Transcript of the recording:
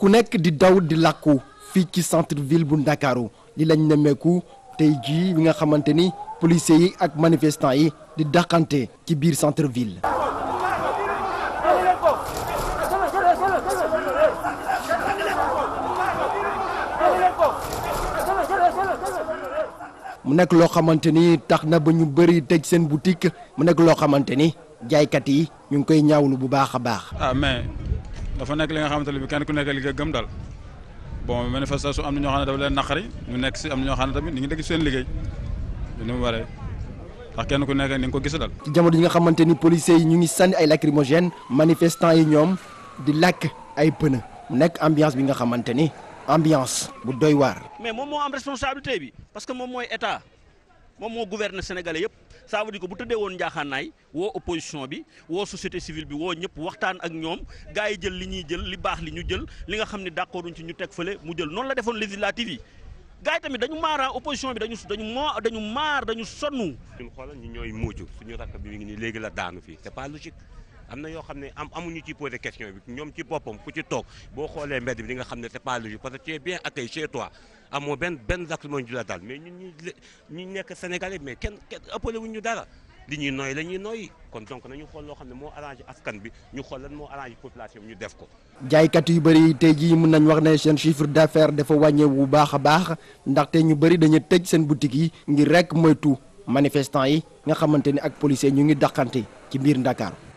ku nekk di daw di làkku fii ci centre ville bu Ndakaaru li lañ nemmeeku tey jii bi nga xamante ni policiers yi ak manifestants yi di dàqante ci biir centre ville. mu nekk loo xamante ni tax na ba ñu bëri tëj seen boutique mu nekk loo xamante ni jaaykat yi ñu ngi koy ñawlu bu baax a baax. ah mais dafa nekk li nga xamante ne bi kenn ku nekk li gëm daal bon manifestation am na ñoo xam ne dafa leen naqari ñu nekk si am na ñoo xam ne tamit ni mu waree ndax kenn ku nekk ni nga ko gis daal. ci jamono yi nga xamante ni yi ñu ngi sànni ay lacrymogènes manifestants yi ñoom di lakk ay pneu mu nekk ambiance bi nga xamante ni ambiance bu doy waar. mais moom moo am responsabilité bi parce que moom mooy état. moom moo guverne sénégalais yëpp ça veut dire que bu tëddee woon njaaxaanaay woo opposition bi woo société civile bi woo ñëpp waxtaan ak ñoom gars yi jël li ñuy jël li baax li ñu jël li nga xam ne d'accorduñ ci ñu teg fële mu jël noonu la defoon législative yi gars yi tamit dañu maara ah, opposition bi dañu dañu moo dañu maar dañu sonn. ñun xoolal ñu ñooy muucu suñu rakk bi mi ngi nii léegi la daanu fii c'est pas logique. am na yoo xam ne am amuñu ci posé question bi ñoom ci boppam ku ci toog boo xoole mbedd bi di nga xam ne c'est pas logique parce que tu es amoo benn benn lacrymogène ju la daal mais ñun ñi ñu nekk sénégalais mais kenn kenn ëppale wuñ ñu dara li ñuy nooy la ñuy nooy kon donc nañu xool loo xam ne moo arrangé askan bi ñu xool lan moo arrangé population bi ñu def ko. jaaykat yu bëri tey jii mun nañ wax ne seen chiffre d'affaires dafa wàññeewu bu baax a baax ndaxte ñu bëri dañu tëj seen boutique yi ngir rek moytu manifestant yi nga xamante ni ak policier ñu ngi daqante ci biir Ndakaaru